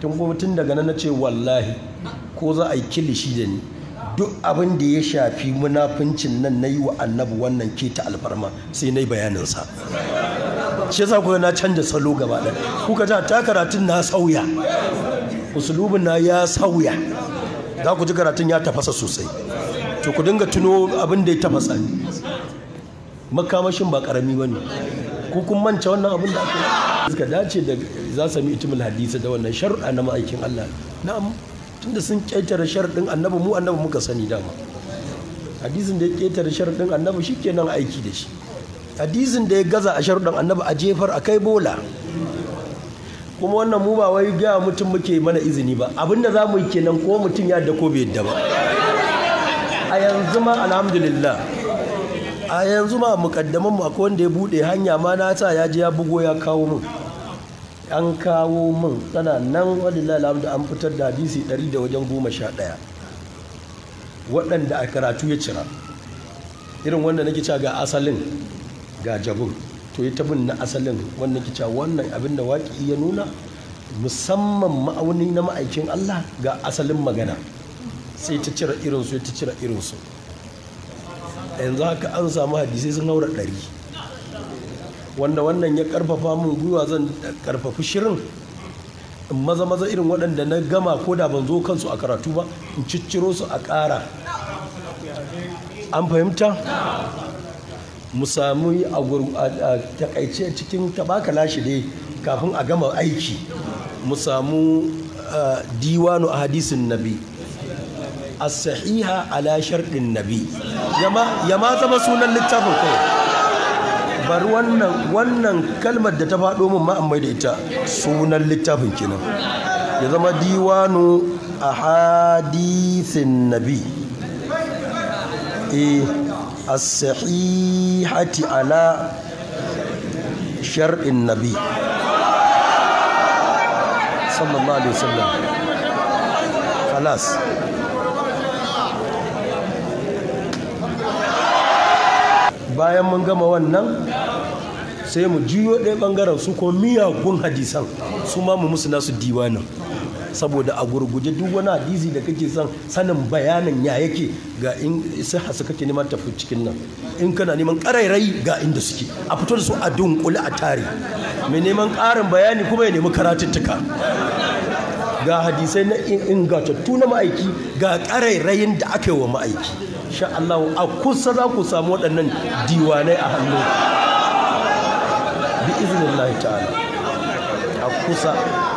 tun kuma tun daga nan na ce wallahi ko za a yi kilishi da ni duk abin da ya shafi munafincin nan na yi wa annabi wannan keta alfarma sai na yi bayaninsa shi yasa kuwa na canja salo gaba ɗaya kuka ta ta karatun na sauya usulubin na ya sauya za ku ji karatun ya tafasa sosai to ku dinga tuno abin da ya tafasa ne makamashin ba karami ba ne Ko kun manta wannan abin da aka yi suka dace da za su mi itimul hadisi da wannan sharuɗa na ma'aikin Allah na'am tunda sun ƙetare sharuɗin annabi mu annabi muka sani dama hadisin da ya ƙetare sharuɗin annabi kenan aiki da shi hadisin da ya gaza a sharuɗin annabi a jefar a kai bola kuma wannan mu ba wai ga mutum muke mana izini ba abinda za mu yi kenan ko mutum ya da ko bai yadda ba a yanzu ma alhamdulillah a yanzu ma mukaddaman mu akwai wanda ya bude hanya ma na sa ya ji ya bugo ya kawo mun an kawo mun tana nan wadillahi alhamdu an fitar da hadisi 100 da wajen 11 waɗanda a karatu ya cira irin wanda nake cewa ga asalin ga jabun to ya tabin na asalin wanda nake cewa wannan abin da waki ya nuna musamman ma'auni na ma'aikin Allah ga asalin magana sai ta cira su ta cira su. yanzu haka an samu hadisai sun haura ɗari wanda wannan ya karfafa min gwiwa zan karfafi shirin in maza maza irin waɗanda na gama ko da ban zo kansu a karatu ba in cicciro su a ƙara an fahimta mu samu a takaice cikin tabaka lashi dai kafin a gama aiki mu samu eh, diwanu a hadisin nabi as-sahiha ala sharɗin nabi Yama ma zama sunan littafin kai bar wannan wannan kalmar da ta faɗo min ma amma da ita sunan littafin kenan ya zama diwanu ahadithin nabi eh as-sahihati ala shar'in nabi sallallahu alaihi wasallam خلاص bayan mun gama wannan sai mu juyo ɗaya ɓangaren su ko miyagun hadisan su ma mu musu nasu diwanin saboda a gurguje duk wani hadisi da kake son sanin bayanin ya yake ga in sai hasu kake neman tafi cikin nan in kana neman karairai ga inda suke a fito da su a dunkule a tare mai neman ƙarin bayani kuma ya nemi karatuttuka ga hadisai na ingatattu na ma'aiki ga ƙarairayin da aka yi wa ma'aiki insha Allah a kusa za ku samu waɗannan diwanai a hannu bi iznillahi ta'ala a kusa